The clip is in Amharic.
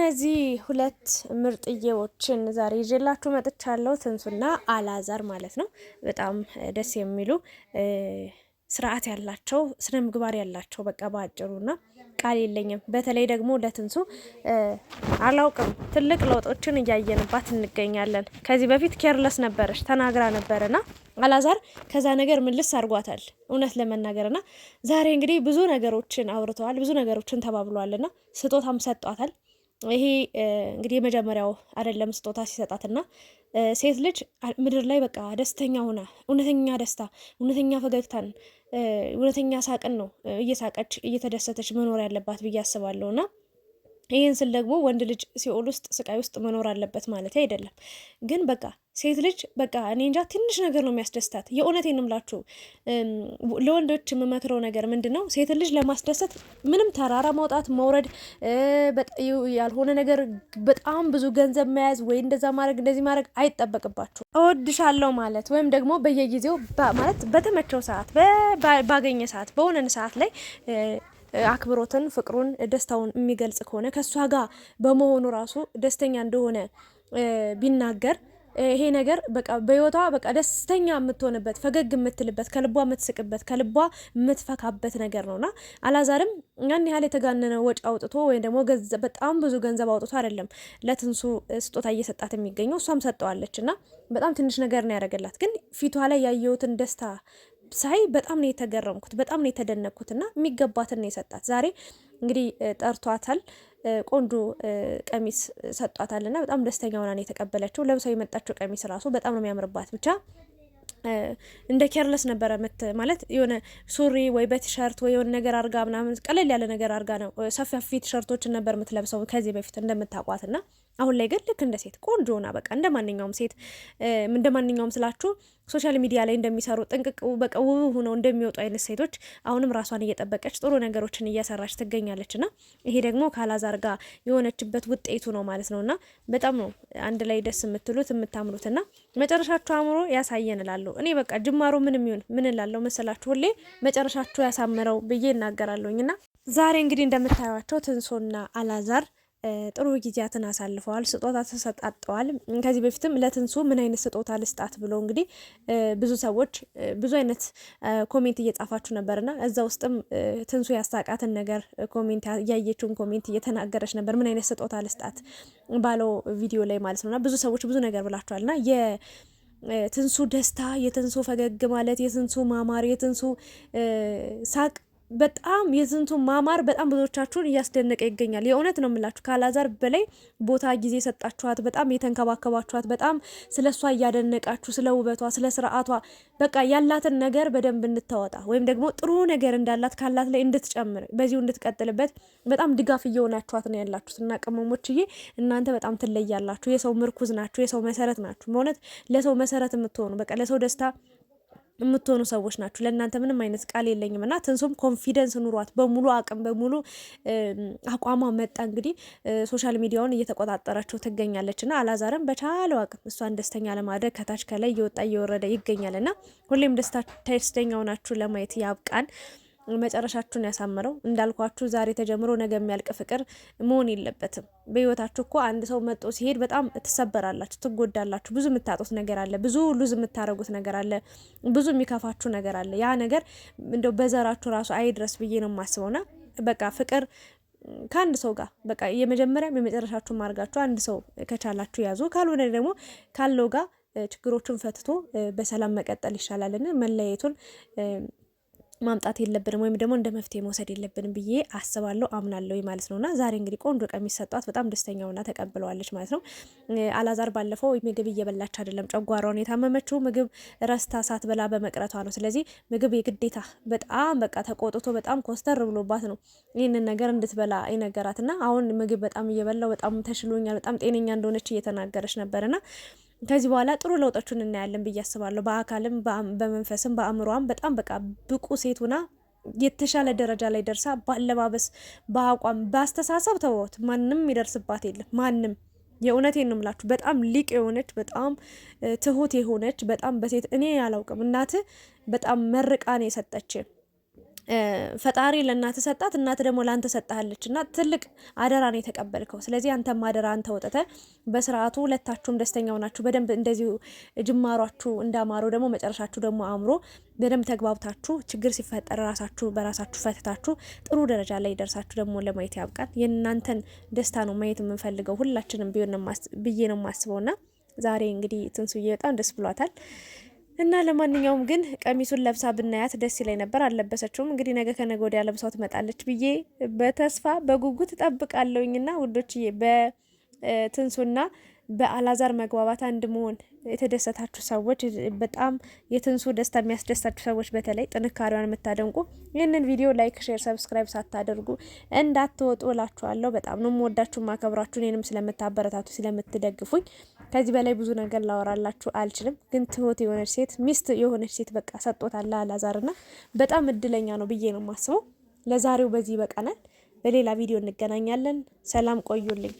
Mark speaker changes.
Speaker 1: እነዚህ ሁለት ምርጥዬዎችን ዛሬ ይዤላችሁ መጥቻለሁ። ትንሱና አላዛር ማለት ነው። በጣም ደስ የሚሉ ስርዓት ያላቸው ስነ ምግባር ያላቸው በቃ በአጭሩና ቃል የለኝም። በተለይ ደግሞ ለትንሱ አላውቅም ትልቅ ለውጦችን እያየንባት እንገኛለን። ከዚህ በፊት ኬርለስ ነበረች ተናግራ ነበርና አላዛር ከዛ ነገር ምልስ አድርጓታል እውነት ለመናገርና ዛሬ እንግዲህ ብዙ ነገሮችን አውርተዋል፣ ብዙ ነገሮችን ተባብሏልና ስጦታም ሰጧታል። ይሄ እንግዲህ የመጀመሪያው አይደለም ስጦታ ሲሰጣትና ሴት ልጅ ምድር ላይ በቃ ደስተኛ ሆና እውነተኛ ደስታ፣ እውነተኛ ፈገግታን፣ እውነተኛ ሳቅን ነው እየሳቀች እየተደሰተች መኖር ያለባት ብዬ አስባለሁ እና ይህን ስል ደግሞ ወንድ ልጅ ሲኦል ውስጥ ስቃይ ውስጥ መኖር አለበት ማለት አይደለም። ግን በቃ ሴት ልጅ በቃ እኔ እንጃ ትንሽ ነገር ነው የሚያስደስታት። የእውነቴን ነው የምላችሁ። ለወንዶች የምመክረው ነገር ምንድን ነው? ሴት ልጅ ለማስደሰት ምንም ተራራ ማውጣት መውረድ፣ ያልሆነ ነገር በጣም ብዙ ገንዘብ መያዝ ወይ እንደዛ ማድረግ እንደዚህ ማድረግ አይጠበቅባችሁ። እወድሻለሁ ማለት ወይም ደግሞ በየጊዜው ማለት በተመቸው ሰዓት፣ ባገኘ ሰዓት፣ በሆነን ሰዓት ላይ አክብሮትን፣ ፍቅሩን፣ ደስታውን የሚገልጽ ከሆነ ከእሷ ጋር በመሆኑ ራሱ ደስተኛ እንደሆነ ቢናገር ይሄ ነገር በቃ በህይወቷ በቃ ደስተኛ የምትሆንበት ፈገግ የምትልበት ከልቧ የምትስቅበት ከልቧ የምትፈካበት ነገር ነውና አላዛርም ያን ያህል የተጋነነ ወጪ አውጥቶ ወይም ደግሞ በጣም ብዙ ገንዘብ አውጥቶ አይደለም ለትንሱ ስጦታ እየሰጣት የሚገኘው እሷም ሰጠዋለች እና በጣም ትንሽ ነገር ነው ያደረገላት። ግን ፊቷ ላይ ያየሁትን ደስታ ሳይ በጣም ነው የተገረምኩት፣ በጣም ነው የተደነቅኩት። እና የሚገባትን ነው የሰጣት። ዛሬ እንግዲህ ጠርቷታል፣ ቆንጆ ቀሚስ ሰጧታል። እና በጣም ደስተኛ ሆና ነው የተቀበለችው። ለብሰው የመጣችው ቀሚስ ራሱ በጣም ነው የሚያምርባት። ብቻ እንደ ኬርለስ ነበረ ምት ማለት የሆነ ሱሪ ወይ በቲሸርት ወይ የሆነ ነገር አርጋ ምናምን ቀለል ያለ ነገር አርጋ ነው ሰፋፊ ቲሸርቶችን ነበር የምትለብሰው ከዚህ በፊት እንደምታውቋት ና አሁን ላይ ግን ልክ እንደ ሴት ቆንጆ ሆና በቃ እንደ ማንኛውም ሴት እንደ ማንኛውም ስላችሁ ሶሻል ሚዲያ ላይ እንደሚሰሩ ጥንቅቅ በቃ ውብ ሆነው እንደሚወጡ አይነት ሴቶች አሁንም ራሷን እየጠበቀች ጥሩ ነገሮችን እያሰራች ትገኛለች። ና ይሄ ደግሞ ካላዛር ጋር የሆነችበት ውጤቱ ነው ማለት ነው። ና በጣም ነው አንድ ላይ ደስ የምትሉት የምታምሩት። ና መጨረሻችሁ አእምሮ ያሳየን እላለሁ እኔ በቃ ጅማሮ ምንም ይሁን ምን እላለሁ መሰላችሁ ሁሌ መጨረሻችሁ ያሳምረው ብዬ እናገራለሁኝ። ና ዛሬ እንግዲህ እንደምታዩቸው ትንሶና አላዛር ጥሩ ጊዜያትን አሳልፈዋል። ስጦታ ተሰጣጠዋል። ከዚህ በፊትም ለትንሱ ምን አይነት ስጦታ ልስጣት ብሎ እንግዲህ ብዙ ሰዎች ብዙ አይነት ኮሜንት እየጻፋችሁ ነበርና እዛ ውስጥም ትንሱ ያስታቃትን ነገር ኮሜንት ያየችውን ኮሜንት እየተናገረች ነበር። ምን አይነት ስጦታ ልስጣት ባለው ቪዲዮ ላይ ማለት ነውና ብዙ ሰዎች ብዙ ነገር ብላችኋልና የትንሱ ደስታ፣ የትንሱ ፈገግ ማለት፣ የትንሱ ማማር፣ የትንሱ ሳቅ በጣም የዝንቱ ማማር በጣም ብዙዎቻችሁን እያስደነቀ ይገኛል። የእውነት ነው የምላችሁ ካላዛር በላይ ቦታ ጊዜ ሰጣችኋት፣ በጣም የተንከባከባችኋት፣ በጣም ስለ እሷ እያደነቃችሁ ስለ ውበቷ፣ ስለ ስርዓቷ በቃ ያላትን ነገር በደንብ እንድታወጣ ወይም ደግሞ ጥሩ ነገር እንዳላት ካላት ላይ እንድትጨምር በዚሁ እንድትቀጥልበት በጣም ድጋፍ እየሆናችኋት ነው ያላችሁት እና ቅመሞችዬ እናንተ በጣም ትለያላችሁ። የሰው ምርኩዝ ናችሁ፣ የሰው መሰረት ናችሁ። በእውነት ለሰው መሰረት የምትሆኑ በቃ ለሰው ደስታ የምትሆኑ ሰዎች ናችሁ። ለእናንተ ምንም አይነት ቃል የለኝም እና ትንሱም ኮንፊደንስ ኑሯት በሙሉ አቅም በሙሉ አቋሟ መጣ። እንግዲህ ሶሻል ሚዲያውን እየተቆጣጠረችው ትገኛለች እና አላዛርም በቻለው አቅም እሷን ደስተኛ ለማድረግ ከታች ከላይ እየወጣ እየወረደ ይገኛል እና ሁሌም ደስታ ደስተኛ ሆናችሁ ለማየት ያብቃን። መጨረሻችሁን ያሳምረው። እንዳልኳችሁ ዛሬ ተጀምሮ ነገ የሚያልቅ ፍቅር መሆን የለበትም። በህይወታችሁ እኮ አንድ ሰው መጦ ሲሄድ በጣም ትሰበራላችሁ፣ ትጎዳላችሁ። ብዙ የምታጡት ነገር አለ፣ ብዙ ሉዝ የምታደርጉት ነገር አለ፣ ብዙ የሚከፋችሁ ነገር አለ። ያ ነገር እንደው በዘራችሁ ራሱ አይድረስ ብዬ ነው የማስበውና በቃ ፍቅር ከአንድ ሰው ጋር በቃ የመጀመሪያም የመጨረሻችሁ ማድረጋችሁ አንድ ሰው ከቻላችሁ ያዙ፣ ካልሆነ ደግሞ ካለው ጋር ችግሮቹን ፈትቶ በሰላም መቀጠል ይሻላልን መለያየቱን ማምጣት የለብንም ወይም ደግሞ እንደ መፍትሄ መውሰድ የለብንም ብዬ አስባለሁ አምናለሁ ማለት ነው። እና ዛሬ እንግዲህ ቆንጆ ቀሚስ ሰጧት። በጣም ደስተኛውና ተቀብለዋለች ማለት ነው። አላዛር ባለፈው ምግብ እየበላች አይደለም፣ ጨጓሯን የታመመችው ምግብ ረስታ ሳትበላ በመቅረቷ ነው። ስለዚህ ምግብ የግዴታ በጣም በቃ ተቆጥቶ በጣም ኮስተር ብሎባት ነው ይህንን ነገር እንድትበላ የነገራትና አሁን ምግብ በጣም እየበላው በጣም ተሽሎኛል፣ በጣም ጤነኛ እንደሆነች እየተናገረች ነበርና ከዚህ በኋላ ጥሩ ለውጦችን እናያለን ብዬ አስባለሁ። በአካልም በመንፈስም በአእምሯም በጣም በቃ ብቁ ሴት ሆና የተሻለ ደረጃ ላይ ደርሳ በአለባበስ፣ በአቋም፣ በአስተሳሰብ ተወት ማንም ይደርስባት የለም ማንም የእውነቴን ነው የምላችሁ። በጣም ሊቅ የሆነች በጣም ትሁት የሆነች በጣም በሴት እኔ አላውቅም እናት በጣም መርቃን የሰጠች ፈጣሪ ለእናት ሰጣት፣ እናት ደግሞ ለአንተ ሰጥሃለች እና ትልቅ አደራ ነው የተቀበልከው። ስለዚህ አንተም አደራ አንተ ወጥተ በስርዓቱ ሁለታችሁም ደስተኛው ናችሁ። በደንብ እንደዚሁ ጅማሯችሁ እንዳማረው ደግሞ መጨረሻችሁ ደግሞ አምሮ በደንብ ተግባብታችሁ ችግር ሲፈጠር ራሳችሁ በራሳችሁ ፈትታችሁ ጥሩ ደረጃ ላይ ደርሳችሁ ደግሞ ለማየት ያብቃን። የእናንተን ደስታ ነው ማየት የምንፈልገው ሁላችንም ቢሆን ብዬ ነው የማስበው። ና ዛሬ እንግዲህ ትንሱዬ በጣም ደስ ብሏታል። እና ለማንኛውም ግን ቀሚሱን ለብሳ ብናያት ደስ ይላይ ነበር። አለበሰችውም። እንግዲህ ነገ ከነገ ወዲያ ለብሳው ትመጣለች ብዬ በተስፋ በጉጉት ጠብቃለሁኝና ውዶችዬ በትንሱና በአላዛር መግባባት አንድ መሆን የተደሰታችሁ ሰዎች በጣም የትንሱ ደስታ የሚያስደስታችሁ ሰዎች በተለይ ጥንካሬዋን የምታደንቁ ይህንን ቪዲዮ ላይክ፣ ሼር፣ ሰብስክራይብ ሳታደርጉ እንዳትወጡ እላችኋለሁ። በጣም ነው የምወዳችሁ ማከብራችሁ። እኔንም ስለምታበረታቱ ስለምትደግፉኝ ከዚህ በላይ ብዙ ነገር ላወራላችሁ አልችልም። ግን ትሁት የሆነች ሴት ሚስት የሆነች ሴት በቃ አላዛር አላዛርና በጣም እድለኛ ነው ብዬ ነው የማስበው። ለዛሬው በዚህ ይበቃናል። በሌላ ቪዲዮ እንገናኛለን። ሰላም ቆዩልኝ።